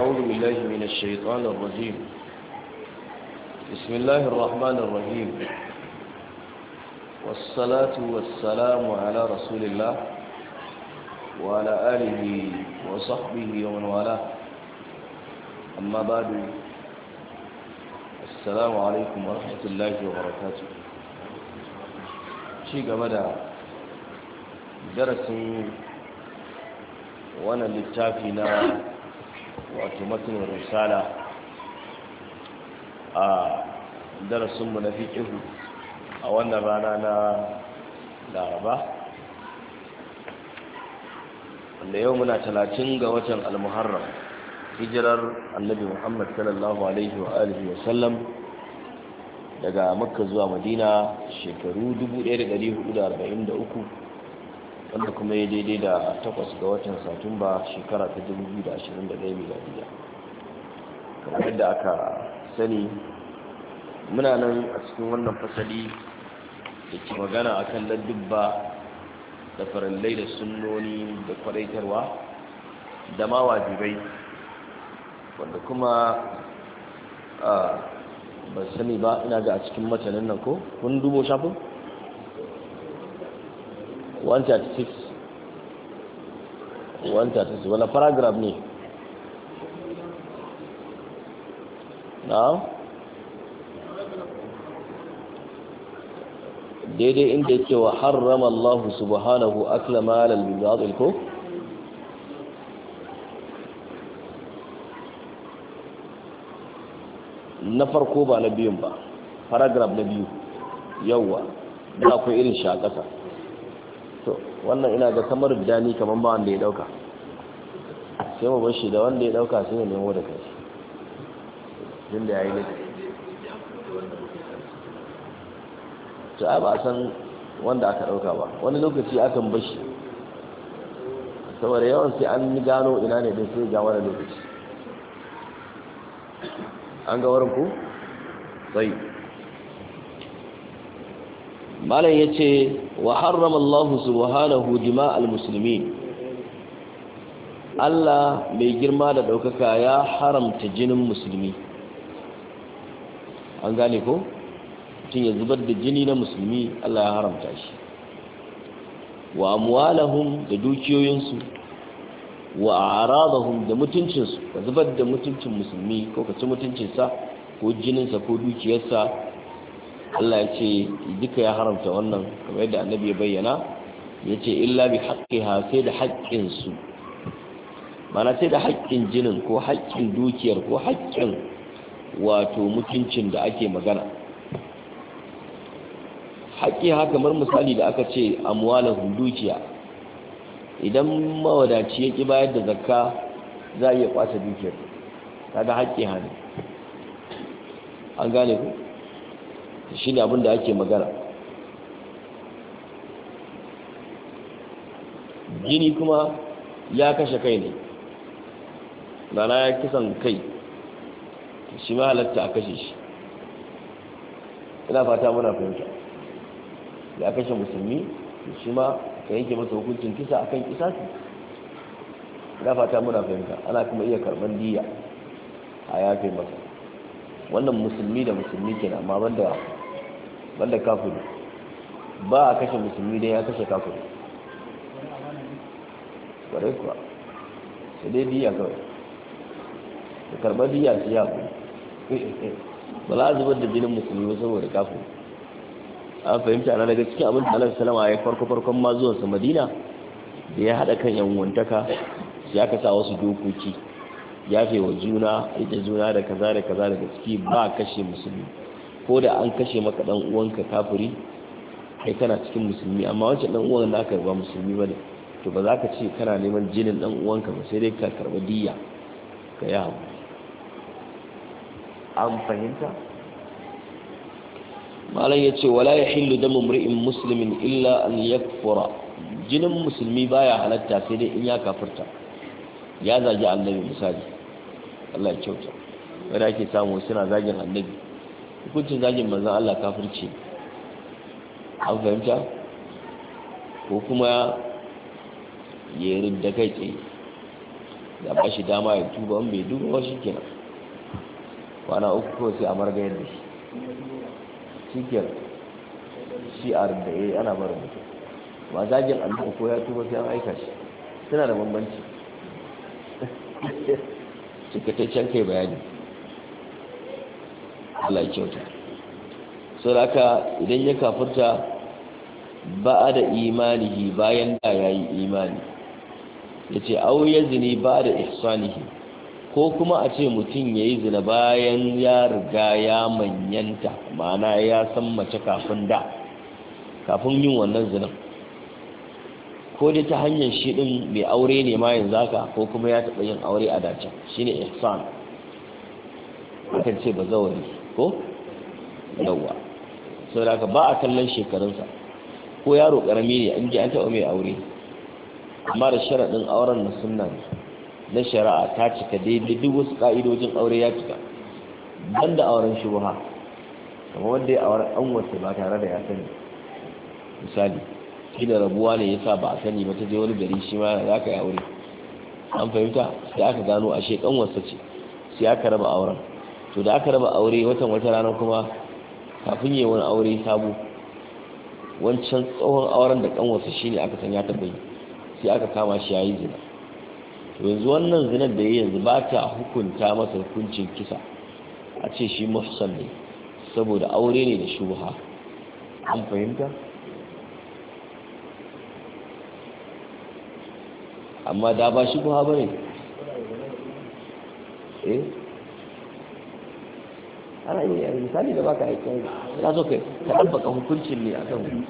أعوذ بالله من الشيطان الرجيم بسم الله الرحمن الرحيم والصلاة والسلام على رسول الله وعلى آله وصحبه ومن والاه أما بعد السلام عليكم ورحمة الله وبركاته شيء قبل درس وانا للتافي wato matan risala a darasinmu na fikihu a wannan rana na laraba wanda yau muna talatin ga watan almuharram hijirar annabi muhammad sallallahu alaihi wa alihi wa sallam daga makka zuwa madina shekaru 1443 wanda kuma ya daidai da takwas ga watan satumba shekara ta 2021 miladiya kamar yadda aka sani muna nan a cikin wannan fasali da ke magana a kan ladubba da farallai da sunnoni da kwadaitarwa da ma wajibai wanda kuma ban sani ba ina ga a cikin matanin nan ko kun dubo shafin? 136 136 wani paragraph ne na daidai inda yake wa harrama Allah subhanahu akla malal bin zaɗin ko? na farko ba na biyun ba paragraf na biyu yawwa da akwai irin shi a wannan ina ga kamar bidani kamar ba wanda ya dauka sai mu bar shi da wanda ya dauka sai ya nemo da kai din da yayi ne to a ba san wanda aka dauka ba wani lokaci akan bar shi saboda yawan sai an gano ina ne din sai ga wani lokaci an ga warin ku sai malam ce wa harrama Allah subhanahu al-Musulmi. Allah mai girma da daukaka ya haramta jinin musulmi an gane ko mutum ya zubar da jini na musulmi Allah ya haramta shi wa amwalahum da dukiyoyinsu wa aradahum da mutuncinsu ka zubar da mutuncin musulmi ko ka ci mutuncinsa ko jininsa ko dukiyarsa Allah ya ce duka ya haramta wannan kamar yadda annabi ya bayyana ya ce illa bi haqqiha sai da haƙƙin su mana sai da haƙƙin jinin ko haƙƙin dukiyar ko haƙƙin wato mutuncin da ake magana haƙƙi haka kamar misali da aka ce muwalahu dukiya idan mawadaci ya ki bayar da zakka za a iya kwace dukiyar kaga haƙƙi ne an gane ku shi ne abinda ake magana gini kuma ya kashe kai ne rana ya kisan kai shi ma halatta a kashe shi ina fata muna fahimta ya kashe musulmi shi ma ka yanke masa hukuncin kisa a kan kisa su ina fata muna fahimta ana kuma iya karban diya a yafe masa wannan musulmi da musulmi ke na amma banda wanda kafiri ba a kashe musulmi don ya kashe kafiri ƙwarai kuwa sai dai biya kawai da karɓar biya su ya ba za a zubar da jinin musulmi saboda kafiri an fahimta na daga cikin abin da alaihi salama ya farko farkon ma zuwansa madina da ya haɗa kan yan wantaka ya aka sa wasu dokoki yafe wa juna ita juna da kaza da kaza daga ciki ba kashe musulmi ko da an kashe maka dan uwanka kafiri kai kana cikin musulmi amma wancan dan uwan naka ba musulmi bane to ba za ka ce kana neman jinin dan uwanka ba sai dai ka karba diyya ka ya abu an fahimta malam ya ce wala ya hillu da mumri'in musulmin illa an yakfura jinin musulmi baya halatta sai dai in ya kafirta ya zagi annabi misali Allah ya kyauta wanda ake samu suna zagin annabi hukuncin zagin manzan Allah kafirci an fahimta ko kuma ya da kai tsaye da ba shi dama ya tuba an bai duba wasu kina kwana uku ko sai a marga yadda shi cikin shi a da ya yi ana mara mutum ba zagin annabi ko ya tuba sai an aika shi suna da bambanci cikataccen kai bayani Allah kyauta sai da aka idan ya kafirta ba a da imanihi bayan da ya yi imani ya ce auye zini ba da ihsanihi ko kuma a ce mutum ya yi zina bayan ya riga ya manyanta ma'ana ya san mace kafin da kafin yin wannan zinin ko dai ta hanyar shi ɗin mai aure ne ma yanzu haka ko kuma ya taɓa yin aure a dace shine ihsan akan ce ba zawari ko yawwa sau da ba a kallon shekarunsa ko yaro karami ne an ji an taɓa mai aure amma da sharaɗin auren na sunan na shari'a ta cika daidai duk wasu ƙa'idojin aure ya cika ban da auren shubuha kuma wanda ya auren an wasu ba tare da ya sani misali da rabuwa ne yasa ba a sani ba ta je wani gari shi ma za ka yi aure an fahimta sai aka gano ashe kan wasu ce sai aka raba auren to da aka raba aure watan wata rana kuma kafin yi wani aure sabu wancan tsohon auren da kanwarsa shine aka san ya taɓa sai aka kama shi yayi zina to yanzu wannan zinar da ya yanzu ba ta hukunta masa hukuncin kisa a ce shi mafsan ne saboda aure ne da shubha an fahimta amma da ba shubha bane eh ana iya yi misali da baka aikin na so kai ka ɗabbaka hukuncin ne a kan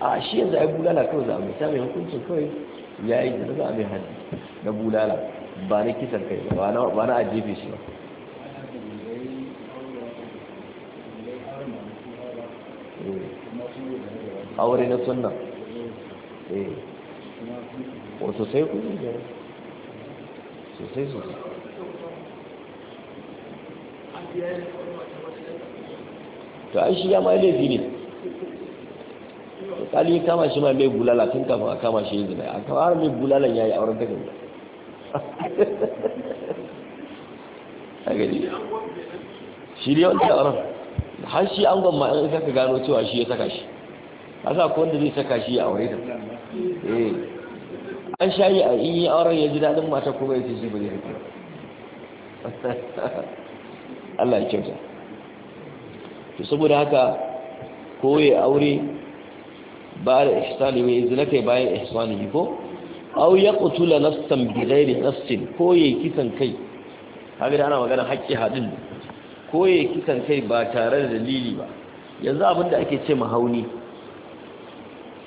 a shi yanzu ai bulala kawai za a mai sami hukuncin kawai ya yi da za a mai hannu na bulala ba na kisan kai ba na ajefe shi ba eh. aure na sunna eh. wato sai ku ne sosai sosai to ai shi ya ma laifi ne kali kama shi ma mai bulala tun kafin a kama shi zina a kama mai bulalan ya yi auren wurin da a gani shi ne wani auren har shi an gwamma an saka gano cewa shi ya saka shi a sa ko wanda zai saka shi a aure ta eh. sha yi a yi auren ya ji daɗin mata kuma ya ce shi ba zai haka Allah ya kyauta to saboda haka koye aure ba da ihsani mai zina kai bayan ihsani ko aw yaqtula nafsan ghairi nafsin koye kisan kai haka da ana magana haƙƙi hadin koye kisan kai ba tare da dalili ba yanzu abin da ake ce mahauni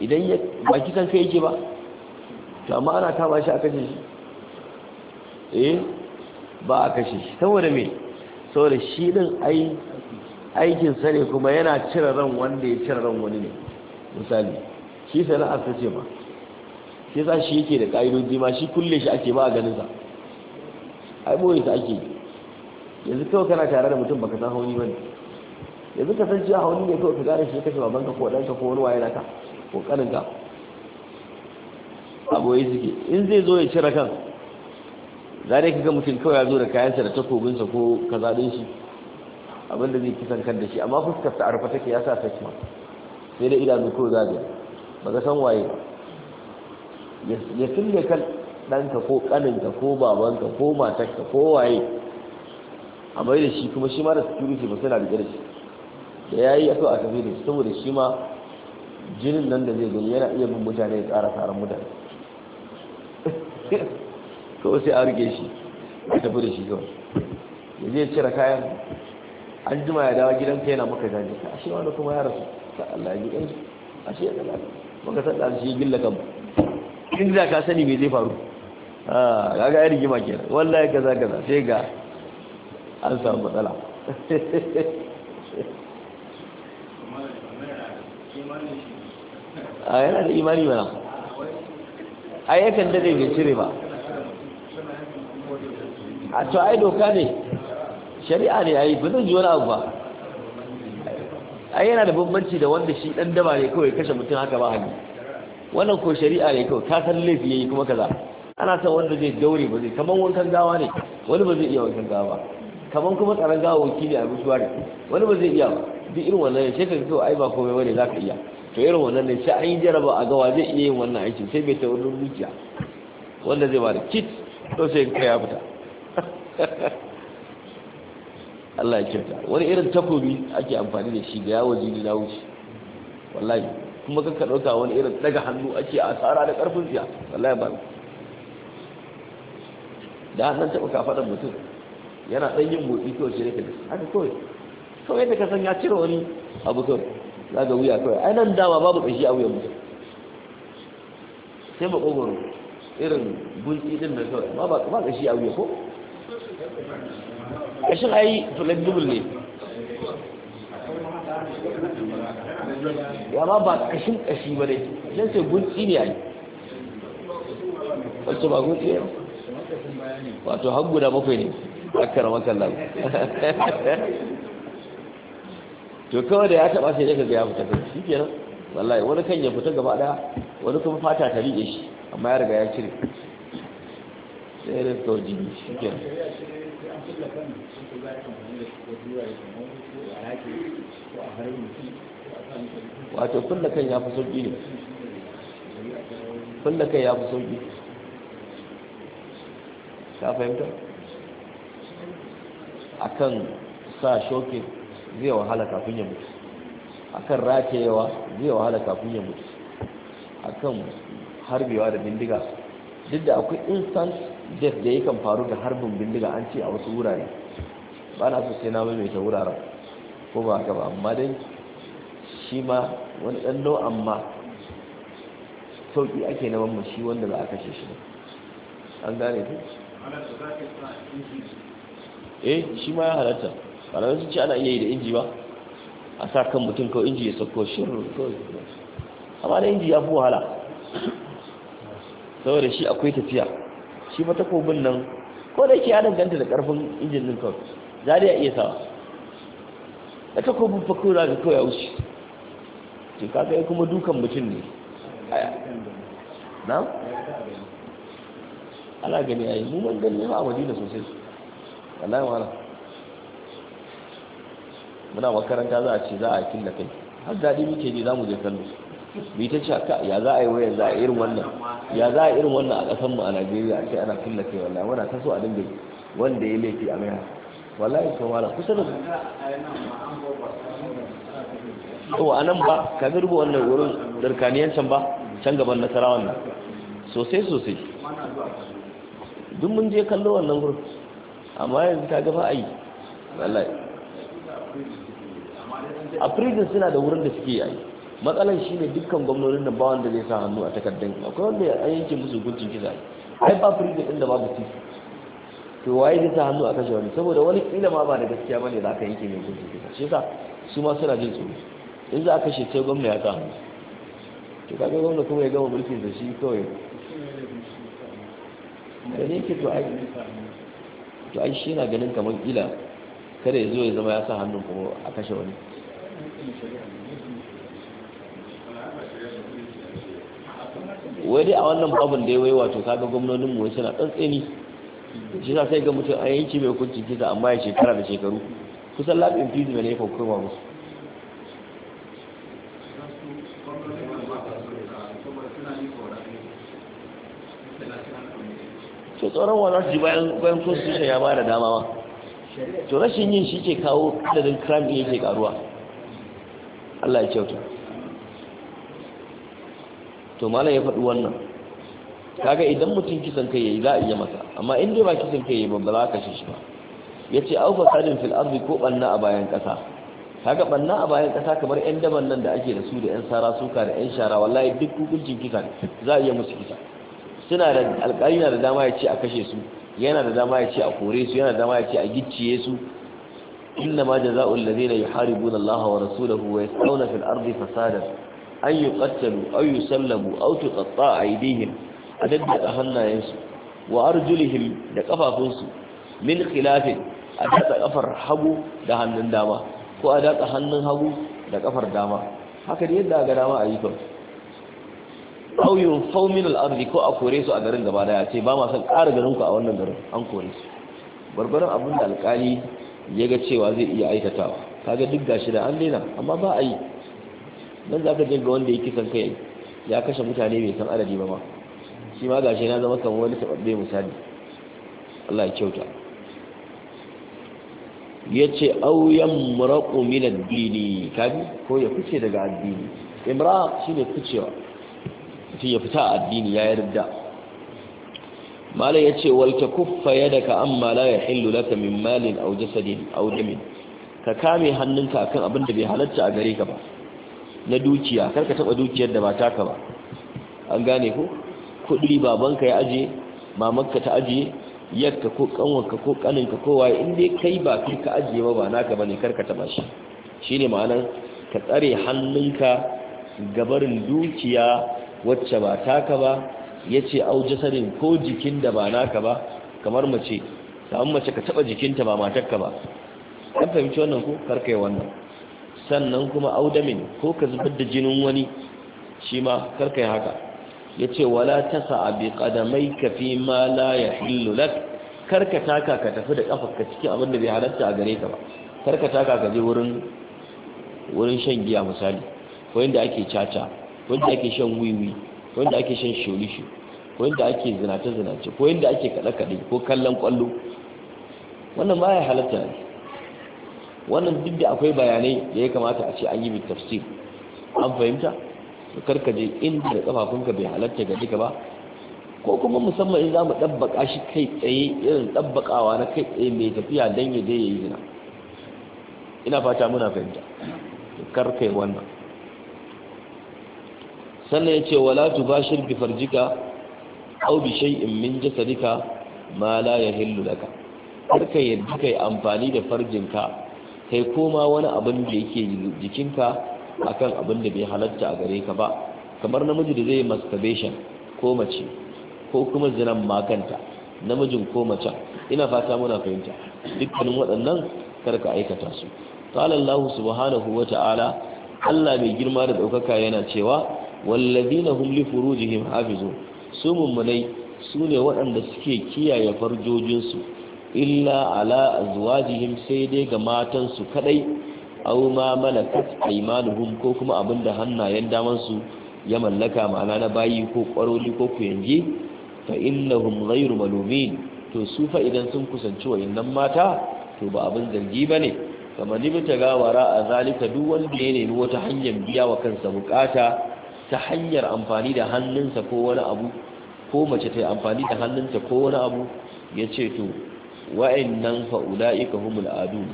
idan ya ba kisan kai yake ba to amma ana kama shi a kashe shi eh ba a kashe shi saboda me saboda shi ɗin aikinsa aikin ne kuma yana cire ran wanda ya cire ran wani ne misali shi sana'ar ta ce ma shi sa shi yake da ƙa'idoji ma shi kulle shi ake ba a ganin sa ai boye ta ake yanzu kawai kana tare da mutum baka san hauni ne. yanzu ka san cewa hauni ne kawai ka gane shi kashe babanka ko ɗanka ko wani waye naka ko ƙaninka a boye suke in zai zo ya cire kan zane dai kaga mutum kawai ya zo da kayansa da takobinsa ko kaza shi abinda zai kisan kan da shi amma fuskar ta arfa take ya sa saki sai da idanu ko zaɓe ba ga san waye ya kulle kan ɗanka ko ƙaninka ko babanka ko matarka ko waye a mai da shi kuma shi ma da security ba suna da shi da ya yi a a tafi da shi saboda shi ma jinin nan da zai gani yana iya bin mutane ya tsara tsarin mutane kawai sai a rike shi a tafi da shi kawai da zai cire kayan an jima ya dawa ka yana maka gani a shi wanda kuma ya rasu ta Allah ya gidan a shi ya gana maka san da shi gilla kan in da ka sani me zai faru ah kaga ya rigima kenan wallahi kaza kaza sai ga an samu matsala a ah, yana da imani mana a yakan da bai cire ba a to ai doka ne shari'a ne ai ba zan ji wani abu ba ai yana da bambanci da wanda shi dan daba ne kawai kashe mutum haka ba hali wannan ko shari'a ne kawai ka san laifi yayi kuma kaza ana san wanda zai daure ba zai kaman wankan gawa ne wani ba zai iya wankan gawa kaman kuma tsaron gawa wakili a mutuwa ne wani ba zai iya duk irin wannan ne shekaru ka ai ba komai bane ka iya to irin wannan ne sai an yi jaraba a gawa zai iya yin wannan aikin sai bai ta wurin dukiya wanda zai ba da kit to sai kai ya fita Allah ya kyauta wani irin takobi ake amfani da shi ga yawon jini na wuce wallahi kuma kan ɗauka wani irin daga hannu ake asara da ƙarfin siya wallahi ba da hannun taɓa kafaɗar mutum yana ɗan yin motsi kawai shi ne ka haka kawai kawai yadda ka san ya cire wani abu kawai za ga wuya kawai ai nan dama babu ƙashi a wuyan mutum sai makogoro irin gunki ɗin da kawai ba ba ƙashi a wuya ko kashin ai flexible ne ya ma ba kashin kashi ba ne yan sai gunci ne ai wacce ba gunci ne wato har da bakwai ne a akara makallan to kawai da ya taba sai daga ya fita kai shi kenan wallahi wani kan ya fita gaba daya wani kuma fata ta rike shi amma ya riga ya cire sai da kawai jini shi kenan wato kulla kan ya fi sauƙi ne kulla kan ya fi sauƙi ka fahimta akan sa shokin zai wahala kafin ya mutu akan rakewa zai wahala kafin ya mutu akan harbewa da bindiga duk da akwai instant death da yakan faru da harbin bindiga an ce a wasu wurare ba na so sai na maimaita wuraren ko ba ka ba amma dai shi ma wani ɗan lo amma sauƙi ake na mamma shi wanda ba a kashe shi an gane ku eh shi ma ya halatta na sun ce ana iya yi da inji ba a sa kan mutum kawai inji ya sauko shirin kawai amma da inji ya fi wahala saboda shi akwai tafiya shi matakobin nan ko da yake ya danganta da ƙarfin injin ɗin kawai zariya iya sawa da kuma fakko za ka kawai wuce ce kaga ya kuma dukan mutum ne na? ana gani ya yi numan gani ba a madina sosai wallahi wa wana muna makaranta za a ce za a kin da kai har daɗi muke ne za mu je kallo bi ta ce ka ya za a yi wayan za a irin wannan ya za a irin wannan a ƙasanmu a Najeriya a ce ana kin da kai wallahi muna ta so a dinga wanda ya laifi a mai haka wallahi to wala kusa da to anan ba ka ga rubo wannan wurin darkaniyan can ba can gaban nasarawan nan sosai sosai duk mun je kallo wannan wurin amma yanzu ta gaba ayi wallahi a prison suna da wurin da suke yi matsalar shi ne dukkan gwamnonin da ba wanda zai sa hannu a takardun akwai wanda ya yanke musu hukuncin kisa ai ba prison din da babu titi to waye zai sa hannu a kashe wani saboda wani kila ma ba da gaskiya bane za ka yanke mai hukunci kisa shi yasa su ma suna jin tsoro in za a kashe sai gwamna ya sa hannu to kaga gwamna kuma ya gama mulkin da shi kawai da ne ke to ai to ai shi na ganin kamar kila kada ya zo ya zama ya sa hannun kuma a kashe wani wai dai a wannan babin da ya wai wato kaga gwamnonin mu suna tsantseni shi sa sai ga mutum a yanki mai hukuncin kisa amma ya shekara da shekaru kusan lab fizi mai laifin koma musu to tsoron wa za su ji bayan bayan constitution ya ba da dama ba to rashin yin shi ke kawo adadin crime yake karuwa Allah ya kyauta to malam ya faɗi wannan kaga idan mutum kisan kai yayi za a iya masa amma in dai ba kisan kai yayi ba ba za ka shi ba yace au fasadin fil ardi ko banna a bayan kasa kaga banna a bayan kasa kamar yan daban nan da ake da su da yan sara suka da yan shara wallahi duk hukuncin kisa za a iya musu kisa suna da alƙali na da dama ya ce a kashe su yana da dama ya ce a kore su yana da dama ya ce a gicciye su inna ma jazaa'ul ladina yuharibuna Allah wa rasulahu wa yas'una fil ardi fasadan an yuqattalu aw yusallabu aw tuqatta'a aydihim a daddada hannayensu wa arjulihim da kafafunsu min khilafin a daɗa kafar hagu da hannun dama ko a daɗa hannun hagu da kafar dama haka da yadda ga dama a yi kan ƙauyin faumin al'arzi ko a kore su a garin gaba daya ce ba ma san ƙara garin ku a wannan garin an kore su barbaran abin da alƙali ya ga cewa zai iya aikatawa kaga duk gashi da an daina amma ba a yi nan za ka je wanda ya kisan kai ya kashe mutane mai san adadi ba ma shi ma gashi na zama kan wani sababbe misali Allah ya kyauta ce aw yamraqu min ad-dini kabi ko ya fice daga addini shi ne ficewa mutum ya fita addini ya yarda malai yace wal takuffa yadaka amma la yahillu laka min malin sadin? A aw min ka kame hannunka akan abin da bai halarta a gare ka ba na dukiya karka taba dukiyar da ba taka ba an gane ku? kuɗi babanka ya aje mamanka ta ajiye, yakka ko kanwanka ko kaninka kowa in dai kai ba kai ka aje ba ba naka bane karka taba shi shine ma'anar ka tsare hannunka gabarin dukiya wacce ba taka ba yace au jasadin ko jikin da ba naka ba kamar mace samun mace ka taba jikinta ba matarka ba an fahimci wannan ko karka yi wannan sannan kuma audamin ko ka zubar da jinin wani shi ma karka yi haka ya ce wala ta sa'abi ƙadamai ka fi ma la ya hillu lak karka taka ka tafi da ƙafa ka cikin abin da bai halatta a gare ka ba karka taka ka je wurin wurin shan giya misali ko yadda ake caca ko yadda ake shan wiwi ko yadda ake shan shorishi ko yadda ake zinace-zinace ko yadda ake kaɗe-kaɗe ko kallon ƙwallo wannan ba ya halatta ne wannan duk da akwai bayanai da ya kamata a ce an yi mai tafsir an fahimta karka je inda da kafafunka bai halatta ga duka ba ko kuma musamman in za mu ɗabbaƙa shi kai tsaye irin ɗabbaƙawa na kai tsaye mai tafiya don ya je ya yi zina ina fata muna fahimta karka yi wannan sannan ya ce wala tu bashir bi farjika aw bi shay'in min jasadika ma la yahillu laka karka yadda kai amfani da farjinka kai koma wani abin da yake jikinka akan abin da bai halatta a gare ka ba kamar namiji da zai masturbation ko mace ko kuma zinan makanta namijin ko macen ina fata muna fahimta dukkanin waɗannan ka aikata su Ta Allah subhanahu wata'ala Allah mai girma da ɗaukaka yana cewa wallazina hum li furujihim hafizun su mummunai su ne waɗanda suke kiyaye farjojinsu illa ala azwajihim sai dai ga matansu kadai aw ma malakat aymanuhum ko kuma abinda hannayen daman su ya mallaka ma'ana na bayi ko kwaroli ko kuyange fa innahum ghayru malumin to su fa idan sun kusanci wayannan mata to ba abin zargi bane kamar ni bita gawara a zalika duk wanda ya nemi wata hanyar biya wa kansa bukata ta hanyar amfani da hannunsa ko wani abu ko mace ta amfani da hannunta ko wani abu ya ce to nan fa ulaika humul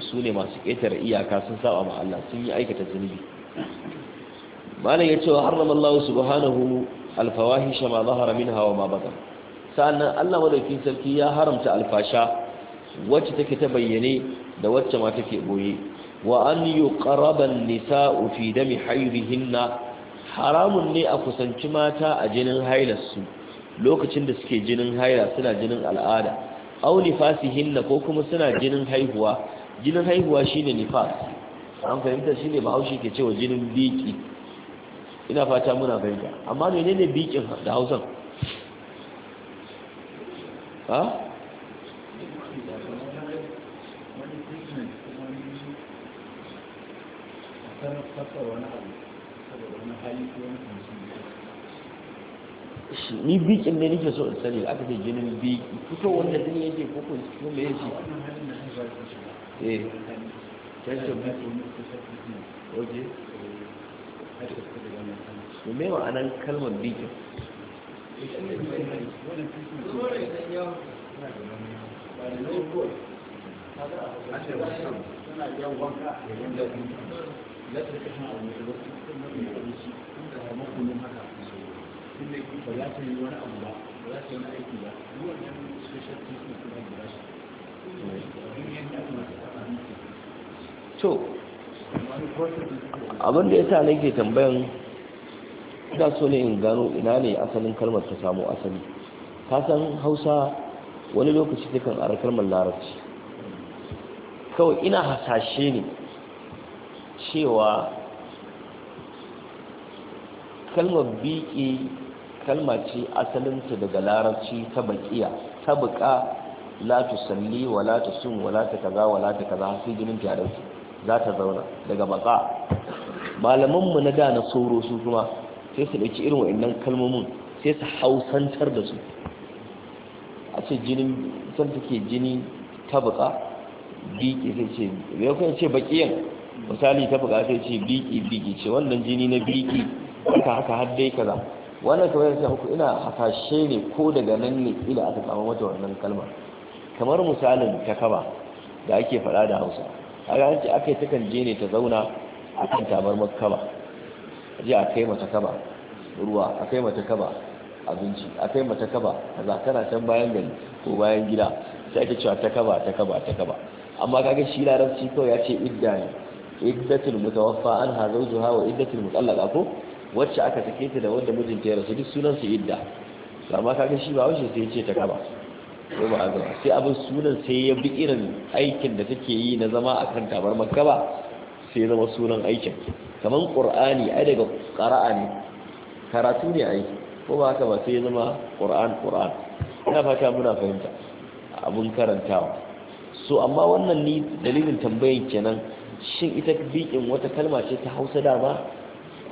su sune masu ƙetare iyaka sun saba ma Allah sun yi aikata zunubi malam ce wa harrama Allah subhanahu alfawahish ma zahara minha wa ma batan Sa'annan Allah madaukin sarki ya haramta alfasha wacce take ta bayyane da wacce ma take boye wa an yuqraba an-nisa'u fi dami haramun ne a kusanci mata a jinin hailarsu lokacin da suke jinin haila suna jinin al'ada aw nifasihinna ko kuma suna jinin haihuwa jinin haihuwa shine nifas an fahimta shine bahaushe ke cewa jinin biki ina fata muna fahimta amma menene bikin da Hausa ha wani shi ni bikin ne nake so in sani aka ce jinin biki fito wanda jini yake ko ko ko me yake eh biki oje to me wa anan kalmar bikin Thank sun ba za yi wani abu ba ba za yi aiki ba special treatment kuma to abin da ya sa nake tambayan ina so ne in gano ina ne asalin kalmar ta samu asali ka san hausa wani lokaci ta kan ara kalmar larabci kawai ina hasashe ne cewa kalmar biƙi kalma ce asalinta daga larabci ta baƙiya ta buƙa la salli, wa la sun, wa la kaza wa la kaza sai jinin ta za ta zauna daga baƙa malamanmu na da na tsoro su kuma sai su ɗauki irin nan kalmomin sai su hausantar da su a ce jinin san take jini ta buƙa biƙi sai ce ya kuma ce baƙiyan misali ta buƙa sai ce biƙi, biƙi ce wannan jini na biƙi. haka haka haddai dai za wannan kawai yadda hukun ina hasashe ne ko daga nan ne ila aka samu mata wannan kalmar kamar misalin ta kaba da ake fada da hausa a ga hanci aka yi takan je ne ta zauna a kan tamar makaba ji a kai mata kaba ruwa a kai mata kaba abinci a kai mata kaba a zakara can bayan gari ko bayan gida sai ake cewa ta kaba ta kaba ta kaba amma kaga shi larabci kawai ya ce idda ne tilmuta wafa an hazo zuwa wa tilmuta mutallaqa ko wacce aka sake ta da wanda mijinta ya rasu duk sunan su idda amma kaga shi ba wace sai ce ta kaba ko ba azaba sai abin sunan sai ya bi irin aikin da take yi na zama akan makka ba? sai zama sunan aikin kaman qur'ani ai daga qara'a ne karatu ne ai ko ba haka ba sai zama qur'an qur'an ina fata muna fahimta abun karantawa so amma wannan ni dalilin tambayar kenan shin ita bikin wata kalma ce ta Hausa da ba?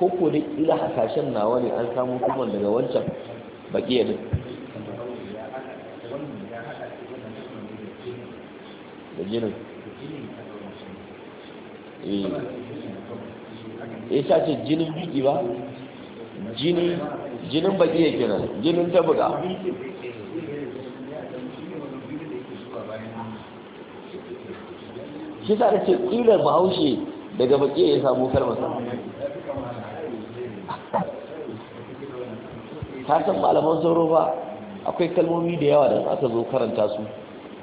ko ko dai ila hasashen nawa ne an samu kuma daga wancan baki yadda da jinin eh sa eh, ce jinin biki ba jini jinin baki ya kira jinin ta buga shi sa da ce ƙilar bahaushe daga baki ya samu karmasa ta san malaman sauro ba akwai kalmomi da yawa da aka zo karanta su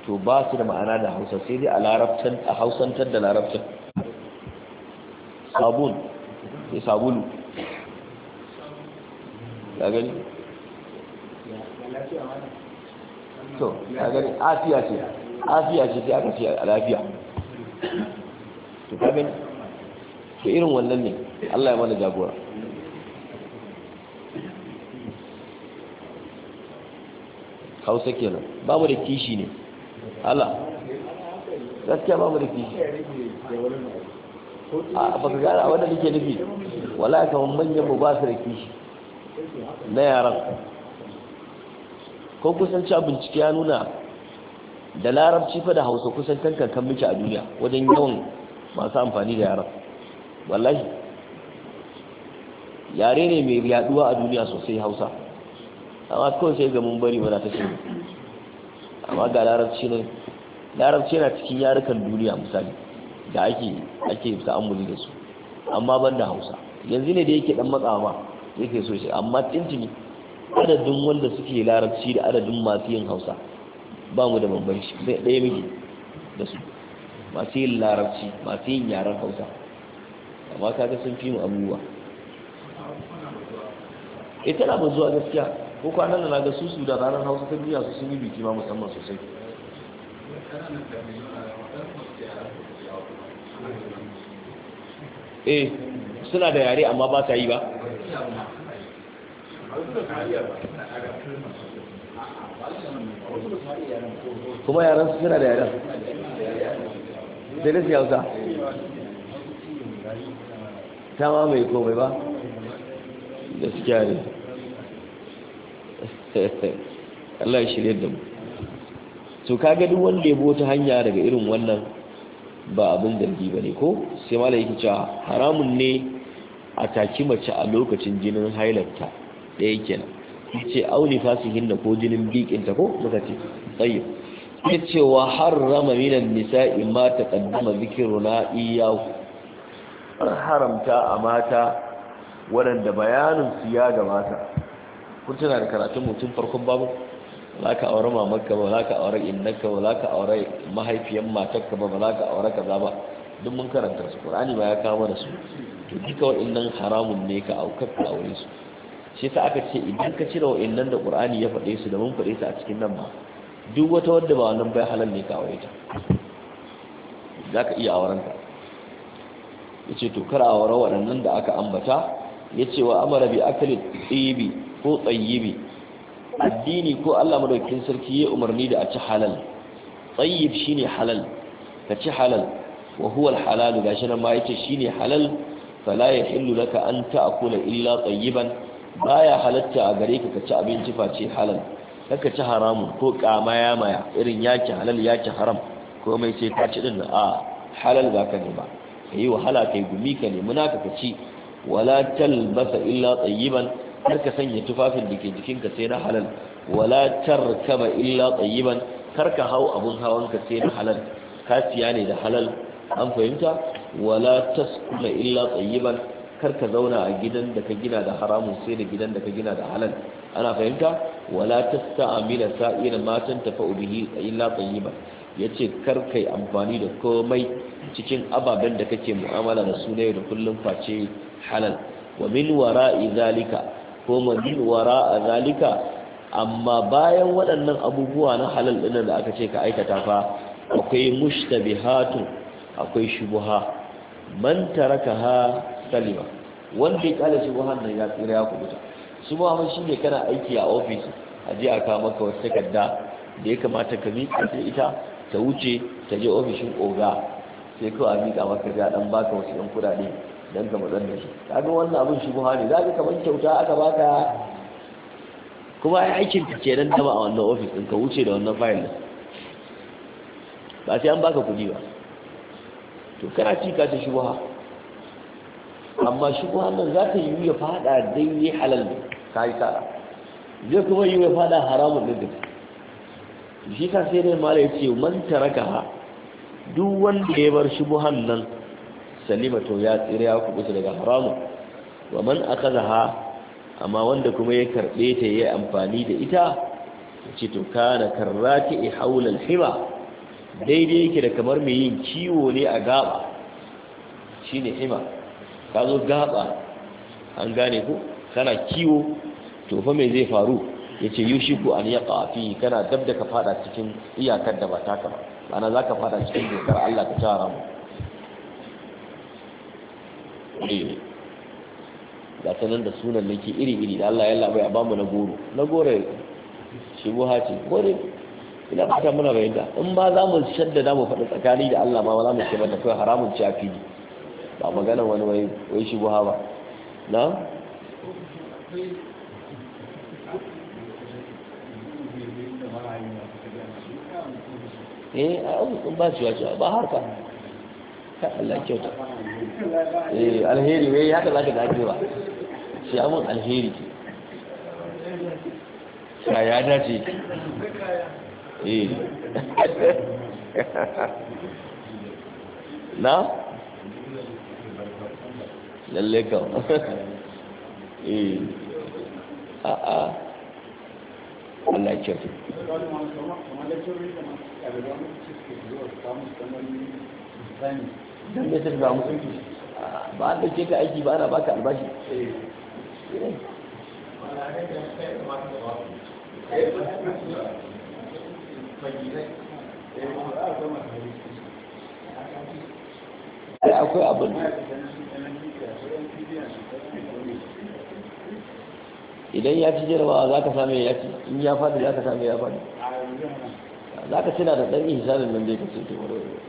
to ba su da ma'ana da hausa sai dai a larabtan a hausantar da larabtan sabon sai sabulu ya gani to ya gani afiya ce afiya ce sai aka ce a lafiya to kamin to irin wannan ne Allah ya mana jagora hausa kenan ba da kishi ne Allah gaskiya babu da kishi a baka gara wanda nake nufi wala kamar manyan mu ba su da kishi na yaran ko kusanci a bincike ya nuna da larabci fa da hausa kusan kankan miki a duniya wajen yawan masu amfani da yaran wallahi yare ne mai yaduwa a duniya sosai hausa amma kawai sai ga mun bari muna ta shirya amma ga larabci ne larabci yana cikin yarukan duniya misali da ake ake ta'ammuli da su amma ban da hausa yanzu ne da yake dan matsawa ba yake so shi amma tintini adadin wanda suke larabci da adadin masu yin hausa ba mu da bambanci sai ɗaya muke da su masu yin larabci masu yin yaren hausa amma kaga sun fi mu abubuwa ita eh, na bazuwa gaskiya ko kwanan da na ga su da ranar hausa ta duniya su sun yi biki ma musamman sosai eh suna da yare amma ba ta yi ba kuma yaran su suna da yaren da nasi hausa ta ma mai komai ba gaskiya ne Allah ya shirye da mu to kaga duk wanda ya bota hanya daga irin wannan ba abin ba bane ko sai malai yake cewa haramun ne a taki mace a lokacin jinin hailarta daya kenan ce auli fasihin da ko jinin ta ko muka ce ya wa harrama minan nisa'i ma taqaddama zikruna iyyahu haramta a mata waɗanda bayanin su ya gabata kun tana da karatun mutum farkon babu za ka aure mamarka ba za ka aure innaka ba za ka aure mahaifiyar matarka ba za ka aure kaza ba duk mun karanta su qur'ani ba ya kawo da su to duka wa'annan haramun ne ka aukar ka aure su shi ta aka ce idan ka cire wa'annan da qur'ani ya faɗe su da mun faɗe su a cikin nan ba. duk wata wadda ba wannan bai halal ne ka aure ta za ka iya auren ta yace to kar aure waɗannan da aka ambata yace wa amara bi akali ɗibi ko tsayyibi addini ko Allah madaukakin sarki ya umarni da a ci halal tsayyib shine halal ka ci halal wa huwa alhalal gashi nan ma yace shine halal fala yahillu laka an ta'kula illa tsayyiban baya halatta a gare ka ci abinci face halal kaka ci haramun ko ya maya irin yaki halal yaki haram ko mai sai ka ci din a halal ba ka ne ba kai wahala kai gumi ka ne muna ka ci wala talbasa illa tsayyiban kar ka sanya tufafin da ke jikinka sai na halal wala tarkaba illa tayyiban kar ka hau abun hawanka sai na halal kasiya ne da halal an fahimta wala taskuna illa tayyiban kar ka zauna a gidan da ka gina da haramun sai da gidan da ka gina da halal ana fahimta wala tasta'mila sa'ira matan tantafa'u bihi illa tayyiban yace kar kai amfani da komai cikin ababen da kake mu'amala da su ne da kullum face halal wa min wara'i zalika ko madin wara a zalika amma bayan waɗannan abubuwa na halal ɗin da aka ce ka aikata fa akwai hatu akwai shubuha man ha salima wanda ya kala shubuhan nan ya tsira ya kubuta Su shubuha mun ne kana aiki a office a je a maka wata takarda da ya kamata ka miƙa ta ita ta wuce ta je ofishin oga sai kawai a miƙa maka ga dan baka wasu 'yan kuɗaɗe don ka matsar da shi kaga wannan abin shi buhari za ka kamar kyauta aka baka kuma ai aikin ka ce nan taba a wannan ofis ɗin ka wuce da wannan fayil ɗin ba sai an baka kuɗi ba to kana ci ka ta shubuha amma shubuha nan za ta yi ya fada daidai halal ne ka yi tara zai kuma yi ya faɗa haramun ɗin duk shi ka sai dai mala ya ce man taraka duk wanda ya bar shubuhan nan salima to ya tsira ya kubuta daga haramun wa man akazaha amma wanda kuma ya karbe ta yayi amfani da ita ce to kana karrati haula al-hima daidai yake da kamar mai yin kiwo ne a gaba shine hima ka zo gaba an gane ku. kana kiwo to fa me zai faru yace yushiku an yaqa fi kana dabda ka fada cikin iyakar da ba taka ba ana zaka fada cikin dokar Allah ka tara mu ne eh. ga sanar da sunan ke iri-iri da Allah ya labai a bamu na goro na goro shi buha ce gore ina fata muna da in ba za mu shadda damu faɗi tsakani da Allah ma za mu ce mata kawai haramun ci a fili ba magana wani wai shi buha ba na eh a ba shi wace ba harka alheri ne ya zaka da ake ba shi amun alheri kaya dace eh na lalle ka eh a ba a dauke ka aiki ba ana baka albashi idan ya ci jirawa za ka same ya ci in ya fadi za ka same ya fadi za ka cina da ɗan ihisanin nan ya kasance wani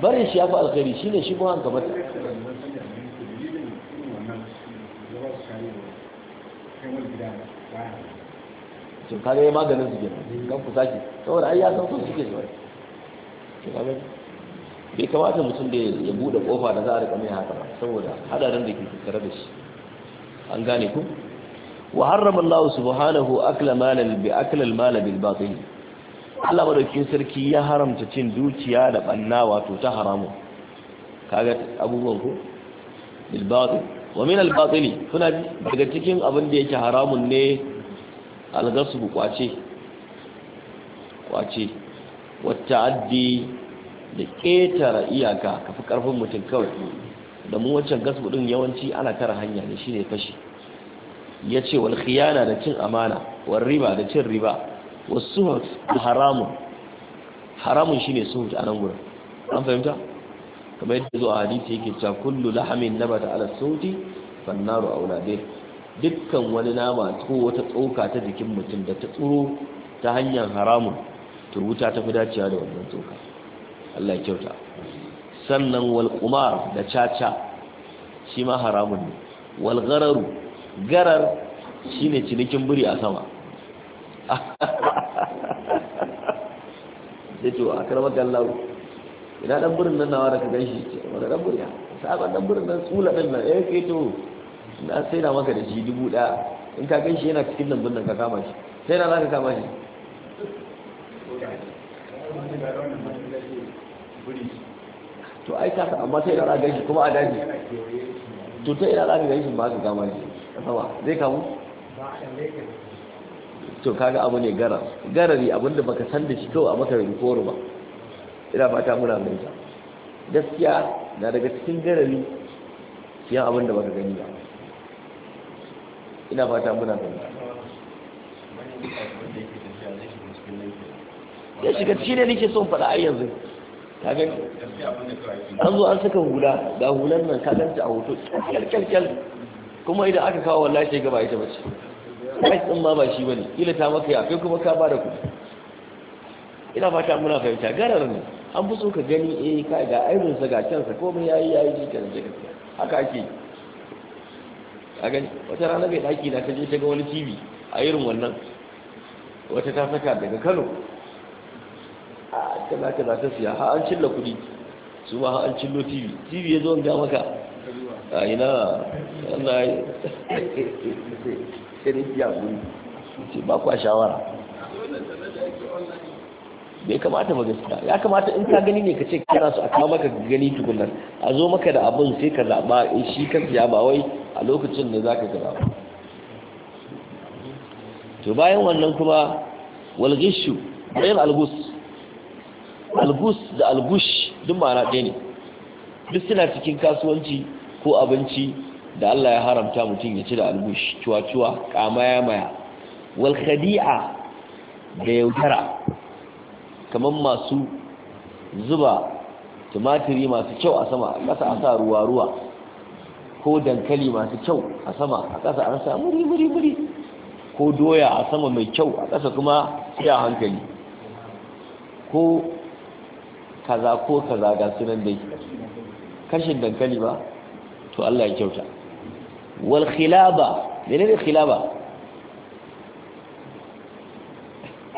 barin shi ya fi alkhairi shi ne shi buhan gaba ta sun kare ya maganin su gina kan ku sake saboda ai ya san sun suke zuwa shi kame bai kamata mutum da ya buɗe ƙofa da za a riƙa mai haka ba saboda hadarin da ke tattare da shi an gane ku wa harrama Allah subhanahu akla malal bi akla al malal bil batil Allah madaukin sarki ya haramta cin dukiya da banna wato ta haramu kaga abubuwan ku bil batil wa min al batil kuna daga cikin abin da yake haramun ne al kwace kwace wa ta'addi da ketara iyaka kafi karfin mutum kawai da mu wancan gasbu din yawanci ana tara hanya ne shine fashi yace wal khiyana da cin amana wal riba da cin riba wasu haramun haramun shine sun a nan gurin an fahimta kamar yadda zuwa hadisi yake cewa kullu lahamin ta ala sauti fannaru a wulade dukkan wani nama ko wata tsoka ta jikin mutum da ta tsoro ta hanyar haramun to wuta ta fi dacewa da wannan tsoka Allah ya kyauta sannan wal da caca shi ma haramun ne Walgararu, gararu garar shine cinikin biri a sama sai to a karamar kallahu ina dan burin nan nawa da ka ganshi ce wanda dan buriya sabon dan burin nan tsula din nan eh kai to na sai na maka da shi dubu ɗaya in ka shi yana cikin nan nan ka kama shi sai na za ka kama shi to ai ka amma sai da za gan shi kuma a daji to sai da za ka ganshi ba ka kama shi sama zai kamu to kaga abu ne garar garari abinda baka san da shi kawai a maka rikoro ba ina fata muna ta gaskiya na daga cikin garari siyan abinda baka gani ba ina fata muna ta ya shiga cikin ne nake son faɗa ai yanzu kagan an zo an saka hula ga hulan nan kaganta a hoto kyalkyalkyal kuma idan aka kawo wallahi sai gaba ita bace price din ma ba shi ne ila ta maka ya kai kuma ka bada kuɗi ina fata muna fahimta garar ne an fi so ka gani eh ka ga aibin ga kansa komai yayi yayi shi kan je haka ake a gani wata rana bai daki na ta je ta ga wani TV a irin wannan wata ta saka daga Kano a ta kaza ta siya ha an cilla kuɗi su ma ha an cillo TV TV ya zo ga maka a ina Allah ya sai ni biya guri ce ba a shawara bai kamata ba gaskiya ya kamata in ka gani ne ka ce kana su a kawo maka gani tukunan a zo maka da abin sai ka zaɓa shi ka siya ba wai a lokacin da za ka gaba to bayan wannan kuma walgishu bayan algus algus da algush duk ma'ana ɗaya ne duk suna cikin kasuwanci ko abinci da Allah ya haramta mutum ya ci da albush cuwa-cuwa kamaya maya wal da yautara kamar masu zuba tumatiri masu kyau a sama a ƙasa a sa ruwa-ruwa ko dankali masu kyau a sama a ƙasa a sa muri-muri-muri ko doya a sama mai kyau a ƙasa kuma sai hankali ko kaza ko kaza ga sunan dai kashin dankali ba to Allah ya kyauta wal khilaba menene khilaba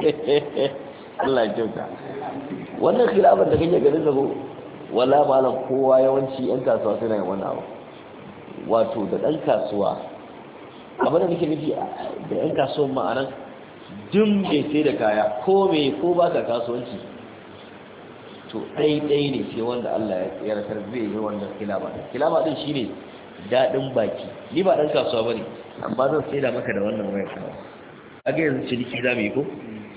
Allah ya kyauta wannan khilaban da kake ganin sa ko wala malam kowa yawanci yan kasuwa suna yin wannan abu wato da dan kasuwa abin da nake nufi da yan kasuwan ma'anan duk mai sai da kaya ko me ko ba ka kasuwanci to ɗai ɗai ne ce wanda Allah ya rasar zai yi wannan kilaba kilaba din shine daɗin baki ni ba ɗan kasuwa ba ne amma zan sai da maka da wannan wayar kuma a ga yanzu ciniki za mu yi ko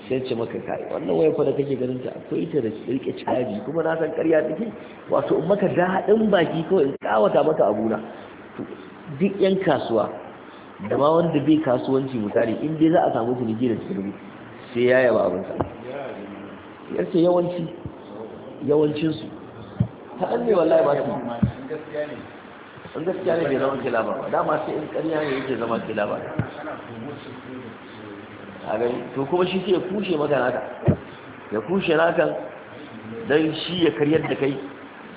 sai ce maka kai wannan wayar da kake ganin ta akwai ta da rike caji kuma na san ƙarya take wato in maka daɗin baki kawai in kawata maka abuna duk yan kasuwa da ma wanda bai kasuwanci misali in dai za a samu ciniki da sirri sai ya yaba abinsa ce yawanci yawancinsu ta ɗan ne wallahi ba su in gaskiya ne bai zama kila ba dama sai in ƙarya ne yake zama ba a gani to kuma shi sai ya kushe maka naka ya kushe naka don shi ya karyar da kai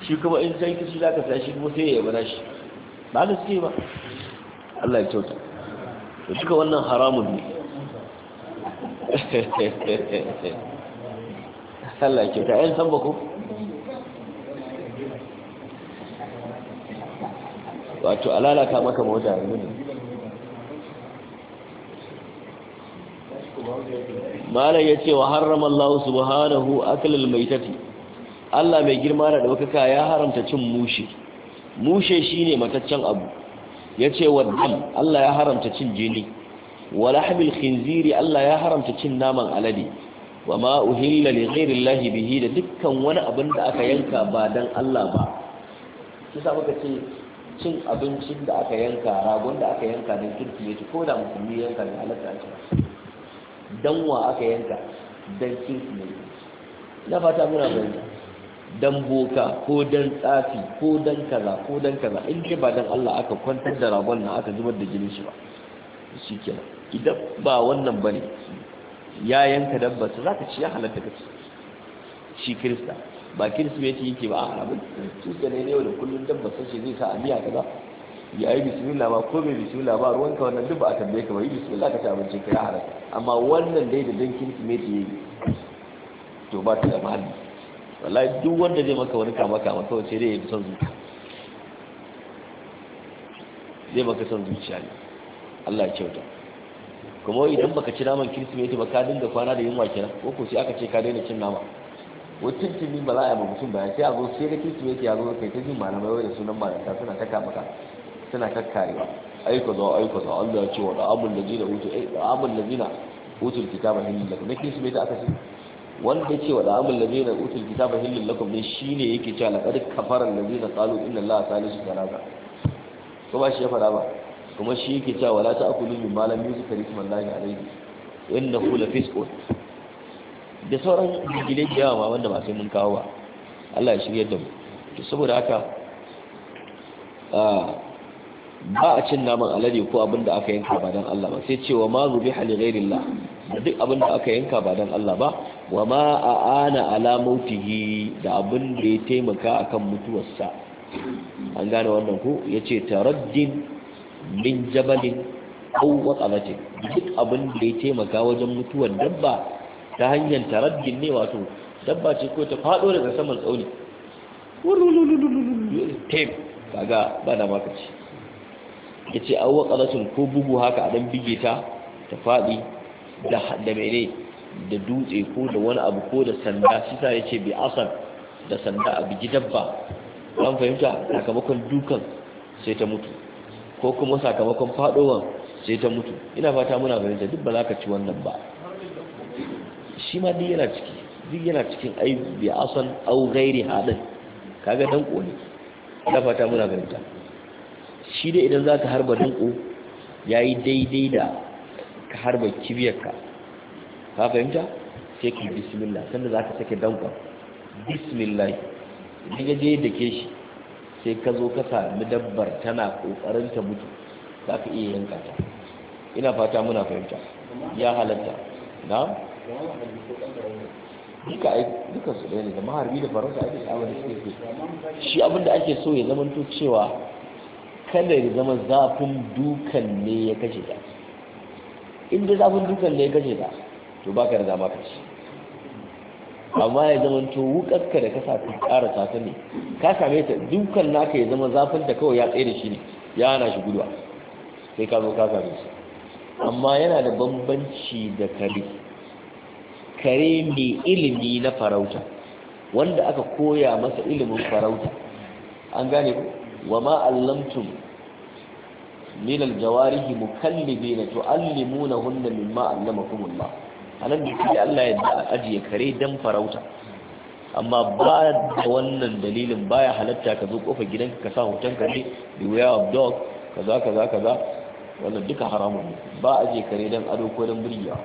shi kuma in sai ka shi za ka sai shi kuma sai ya yaba shi ba da suke ba Allah ya kyauta to duka wannan haramun ne Allah ya kyauta ƴan san ba ko wato a lalata maka mota yanzu malam ya ce wa harrama Allah subhanahu akalil maitati Allah mai girma da daukaka ya haramta cin mushe mushe shine mataccen abu wa waddam Allah ya haramta cin jini walahmil khinziri Allah ya haramta cin naman alade wama uhilla li ghairillahi bihi da dukkan wani abin da aka yanka ba dan Allah ba cin abincin da aka yanka ragon da aka yanka don kirki ya ci ko da musulmi yanka da halatta ce don wa aka yanka don kirki ne na fata muna bai dan boka ko dan tsafi ko dan kaza ko dan kaza in ce ba don Allah aka kwantar da ragon na aka zubar da jini shi ba shikenan idan ba wannan bane ya yanka dabba za ka ci ya halatta ka ci shi kirista ba kirsimeti yake ba a abin tusa ne yau da kullum dan ba sace zai sa a miya kaza ya yi bismillah ba ko bai bismillah ba ruwan ka wannan duk ba a tambaye ka ba yi bismillah ka ta abinci ka haram amma wannan dai da dan kirsimeti yayi to ba ta da mahalli wallahi duk wanda zai maka wani kama kama kawai sai dai ya son zuciya zai maka son zuciya ne Allah ya kyauta kuma idan baka ci naman kirsimeti ba ka dinga kwana da yunwa kenan ko ko sai aka ce ka daina cin nama wacin tuni ba za a yi mutum bayan sai a zo sai da kirki yake ya zo kai ta jin malamai wai da sunan malanta suna ta kamaka suna kakkarewa aiko zo aiko zo Allah ya ce wa da'amun da'amul ladina utu eh da'amul da utul kitaba hillal lakum nake su mai da aka ce wanda ya ce wa da'amul ladina utul kitaba hillal lakum ne shine yake cewa laƙar laqad kafara alladina qalu inna allaha salisu salasa ko ba shi ya fara ba kuma shi yake cewa wala ta ta'kulu mimma lam yuzkar ismullahi alayhi innahu lafisqun da sauran gile da yawa wanda ba sai mun kawo ba Allah ya shirya da mu to saboda haka ba a cin naman alade ko abin da aka yanka ba dan Allah ba sai cewa ma zubi hali ghairillah da duk abin da aka yanka ba dan Allah ba wa ma aana ala mautihi da abin da ya taimaka akan mutuwarsa an gane wannan ko yace taraddin min jabalin aw watalatin duk abin da ya taimaka wajen mutuwar dabba ta hanyar taraddin ne wato dabba ce ko ta faɗo daga saman tsauni Ta kaga ba da makaci ya ce an ko bugu haka a ɗan bige ta ta faɗi da mene da dutse ko da wani abu ko da sanda shi ta ya ce bi asar da sanda a bigi dabba an fahimta sakamakon dukan sai ta mutu ko kuma sakamakon faɗowan sai ta mutu ina fata muna fahimta duk ba za ka ci wannan ba shi ma duk yana ciki duk yana cikin aibu bi asal au ghairi hadin kaga danko ne da fata muna ganinta shi dai idan zaka harba danko yayi daidai da ka harba kibiyarka ka fahimta sai ki bismillah sanda zaka sake danko bismillah idan ka je da ke shi sai ka zo ka sami dabbar tana kokarin ta mutu zaka iya yanka ta ina fata muna fahimta ya halatta na'am duka ai duka su ɗaya ne da maharbi da faransa ake samu da suke shi abinda ake so ya zama to cewa kada ya zama zafin dukan ne ya kashe ta in da zafin dukan ne ya kashe ta to baka da dama ka ci amma ya zama to ka da kasa ka ƙara sata ne ka same ta dukan naka ya zama zafin ta kawai ya tsaye da shi ne ya hana shi guduwa sai ka zo ka same shi amma yana da bambanci da kare kare mai ilimi na farauta wanda aka koya masa ilimin farauta an gane ku wa ma allamtum min aljawarihi mukallibina tuallimunahunna mimma allamakumullah anan da shi Allah ya a ajiye kare dan farauta amma ba da wannan dalilin baya halatta ka zo kofar gidanka ka sa hoton kare beware of dog kaza kaza kaza wannan duka haramun ne ba ajiye kare dan ado ko dan burgewa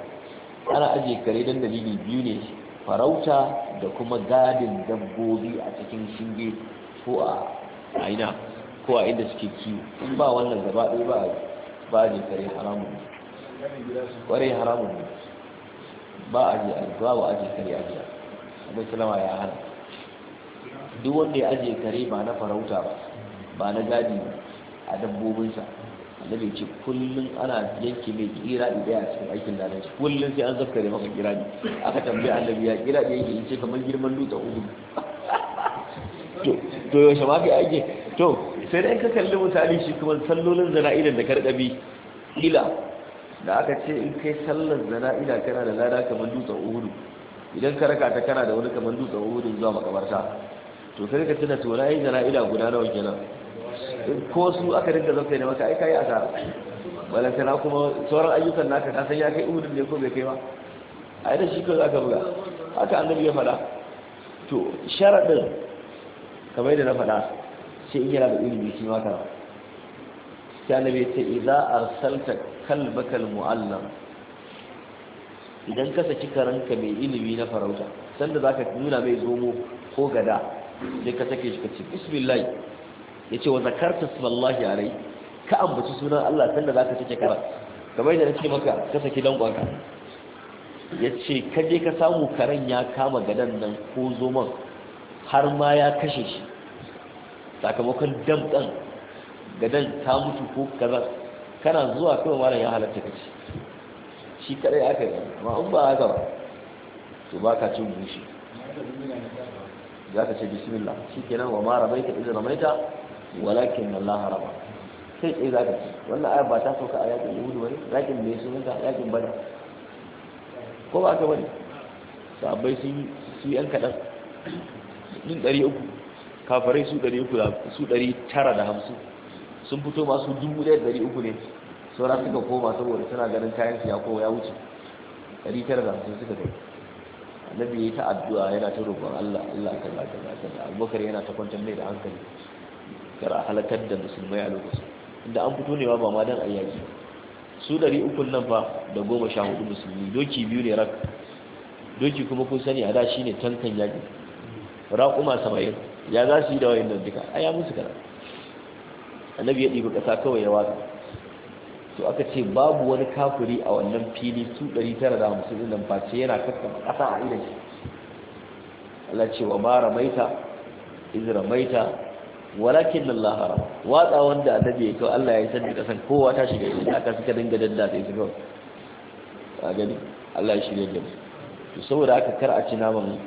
ana ajiye kare don dalili biyu ne farauta da kuma gadin dabbobi a cikin shinge ko a aina ko a inda suke kiwo in ba wannan gaba ɗaya ba ba ne kare haramun ne ƙware haramun ne ba a je a ba a je kare a gida abin salama ya hana duk wanda ya ajiye kare ba na farauta ba ba na gadi a dabbobinsa annabi ce kullum ana yanke mai kirani daya a cikin aikin da shi kullum sai an zafkare kira ne. aka tambaye annabi ya da yake in ce kamar girman dutsen uhud to yaushe ma kai aiki to sai dai ka kalli misali shi kuma sallolin zana'idan da karkabi ila da aka ce in kai sallar zana'ida kana da lada kamar dutsen uhudu idan ka raka ta kana da wani kamar dutsen uhudu zuwa makabarta to sai ka tuna to na zana'ida guda nawa kenan ko su aka rinka zafai da maka aika yi a tara na kuma sauran ayyukan naka san ya kai uhudun ne ko bai kai ba a yi da shi ko za ka buga haka zabi ya faɗa to sharaɗin kamar yadda na faɗa sai in yana da ilimi shi maka sai annabi ya ce idza arsalta kalbakal mu'allam idan ka saki karanka mai ilimi na farauta sanda za ka nuna mai zomo ko gada sai ka sake shi ka ce bismillah yace wa zakarta sallallahi alai ka ambaci sunan Allah sanda zaka take kara kamar da nake maka ka saki dangon ka yace ka je ka samu karan ya kama gadan nan ko zoman har ma ya kashe shi sakamakon damdan gadan ta mutu ko kaza kana zuwa kuma malam ya halatta kace shi kadai aka yi amma in ba haka ba to ba ka cin gushi za ka ce bismillah shi kenan wa ɗin da mai ta walakin Allah raba sai ce za ka ci wannan ayar ba ta sauka a yakin yahudu wani yakin mai yanka yakin bada ko ba ka wani sabai sun su yan kaɗan din ɗari uku kafarai su ɗari uku su ɗari tara da hamsin sun fito masu dubu ɗaya ɗari uku ne saura suka koma saboda suna ganin kayan siya ko ya wuce ɗari tara da hamsin suka kai annabi ya yi ta addu'a yana ta roƙon Allah Allah kaza kaza kaza Abubakar yana ta kwantar mai da hankali kar a halakar da musulmai a lokacin inda an fito ne ba ma dan ayyaki su dari ukun nan fa da goma sha hudu musulmi doki biyu ne rak doki kuma kun sani a da shi ne tankan yaƙi raƙuma saba'in ya za su yi da wayan nan duka a ya musu kana annabi ya ɗiba ƙasa kawai ya watsa to aka ce babu wani kafiri a wannan fili su 950 nan ce yana kakkama ƙasa a idan Allah ce wa bara maita izra maita. walakin lillahi haram watsa wanda annabi yake Allah ya san kasan kowa ta shiga ita aka suka dinga dadda sai su ga a gani Allah ya shirya da to saboda aka kar a ci naman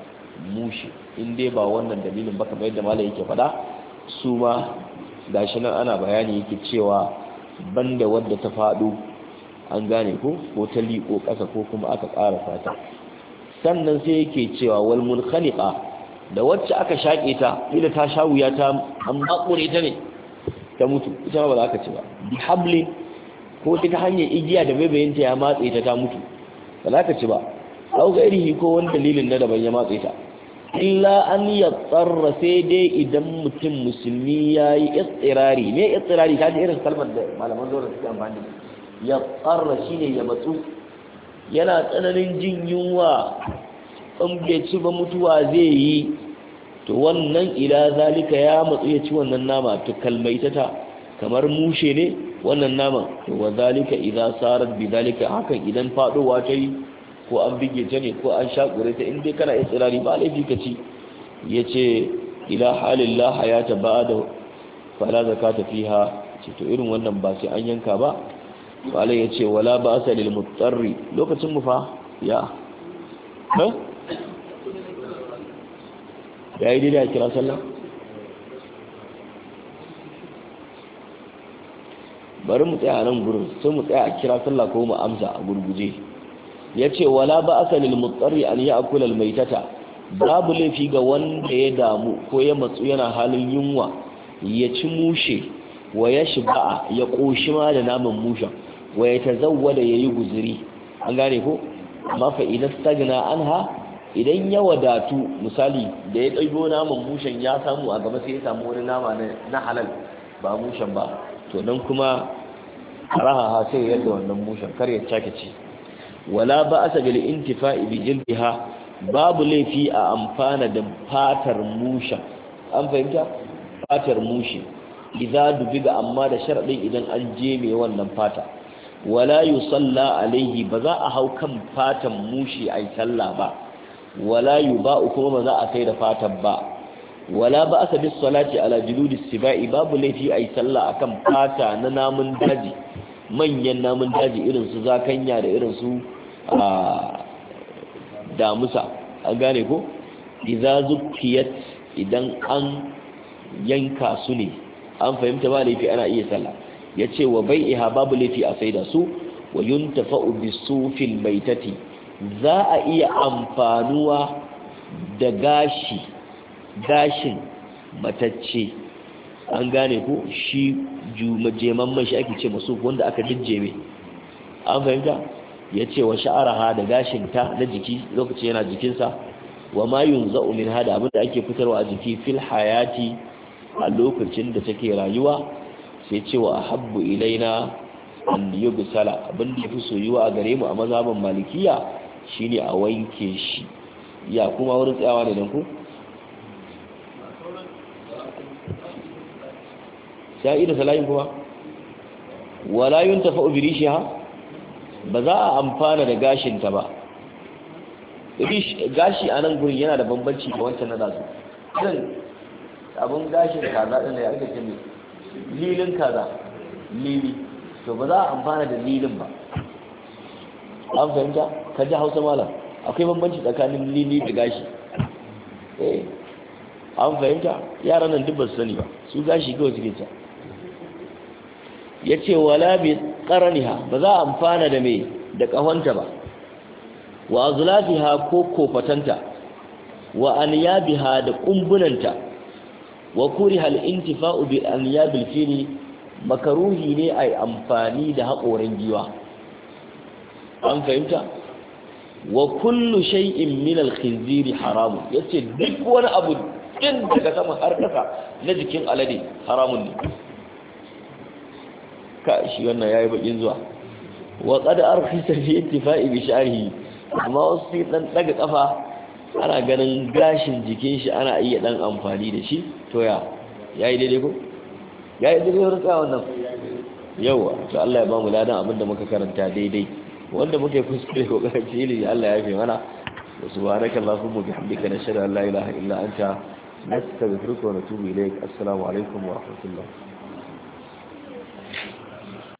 mushi in dai ba wannan dalilin ba bayar yadda malai yake faɗa su ma gashi nan ana bayani yake cewa banda wadda ta faɗo an gane ko ko ta liko ƙasa ko kuma aka ƙara fata sannan sai yake cewa wal mulkhaliqa da wacce aka shaƙe ta ila ta sha wuya ta an makure ta ne ta mutu ita ba za ka ci ba bi hablin ko ta ta hanyar igiya da bayanta ya matse ta ta mutu ba za ka ci ba au ga irihi ko wani dalilin na daban ya matse ta illa an ya tsarra sai dai idan mutum musulmi ya yi istirari me istirari ta ji irin salman da malaman zuwa suke amfani ya tsarra ne ya matsu yana tsananin jin yunwa Ɗan bai ci ba mutuwa zai yi to wannan ila zalika ya matsu ya ci wannan nama to kalmaitata kamar mushe ne wannan nama to wa zalika idza sarat bi zalika hakan idan fadowa ta yi ko an bige ta ne ko an shakure ta in dai kana iya tsirari ba laifi ka ci yace ila halin la hayata ba'da fala zakata fiha ce to irin wannan ba sai an yanka ba to ya yace wala ba lil mutsarri lokacin mu fa ya ha ya yi daidai a kira sallah bari mu tsaya nan gurin sai mu tsaya a kira sallah ko mu amsa a gurguje ya ce wala ba asalin lil mutsari an yi akulal mai tata babu laifi ga wanda ya damu ko ya matsu yana halin yunwa ya ci mushe wa ya shi a ya ƙoshi ma da naman mushen wa ya ta zauwa da ya yi guziri an gane ko mafa idan stagna an ha idan ya wadatu misali da ya ɗaibo naman mushen ya samu a gaba sai ya samu wani nama na halal ba mushen ba to nan kuma ha sai ya yadda wannan mushen kar ya cake ce. wala ba sabili intifa intifa'i jirgi ha babu laifi a amfana da fatar mushen an fahimta fatar mushe dubi ga amma da sharaɗin idan an je mai wannan fata wala sallah, alaihi ba za a hau kan fatan a yi sallah ba wala yuba'u kuma ba za a sai da fatan ba wala ba aka bi salati ala juludis sibai babu laifi a yi sallah akan fata na namun daji manyan namun daji irin su zakanya da irin su damusa an gane ko idza idan an yanka su ne an fahimta ba laifi ana iya sallah ce wa bai iha babu laifi a saida su wa yuntafa'u bisufil baitati za a iya amfanuwa da gashi gashin matacce an gane ko shi jemamman shi ake ce masu wanda aka dijjeme an fahimta ya ce wa sha'araha da gashinta na jiki lokaci yana jikinsa wa ma yunza'u ha hada abin da ake fitarwa a jiki fil hayati a lokacin da take rayuwa sai ce wa habbu ilaina an bisala abin da fi soyuwa a gare mu a mazhaban malikiya ne a wanke shi ya kuma wurin tsayawa ne don ku sai da salayin kuma wala shi ha? ba za a amfana da gashinta ba gashi a nan gurin yana da bambanci ga wancan na su. Zan abin gashin kaza ɗin da ya ake ne, lilin kaza lili to ba za a amfana da lilin ba an fahimta ka ji hausa malam akwai bambanci tsakanin lili da gashi eh an fahimta yaran nan duk ba su sani ba su gashi kawai suke ta ya ce wala bi karaniha ba za a amfana da mai da kahonta ba wa azlafiha ko kofatanta wa anyabiha da kumbunanta wa kuriha al-intifa'u bi anyabil fili makaruhi ne ai amfani da haƙorin giwa an fahimta wa kullu shay'in min al-khinziri haram yace duk wani abu din daga sama har kasa na jikin alade haramun ne ka shi wannan yayi bakin zuwa wa qad arkhisa fi intifa'i bi sha'rihi amma wasu dan daga kafa ana ganin gashin jikin shi ana iya dan amfani da shi to ya yayi daidai ko yayi daidai rutsa wannan yawa to Allah ya bamu mu ladan abinda muka karanta daidai wanda muke kuskure ko karanci ilimi Allah ya fi mana wasu subhanaka allahumma bihamdika nashhadu an la ilaha illa anta nastaghfiruka wa natubu ilayk assalamu alaikum wa rahmatullah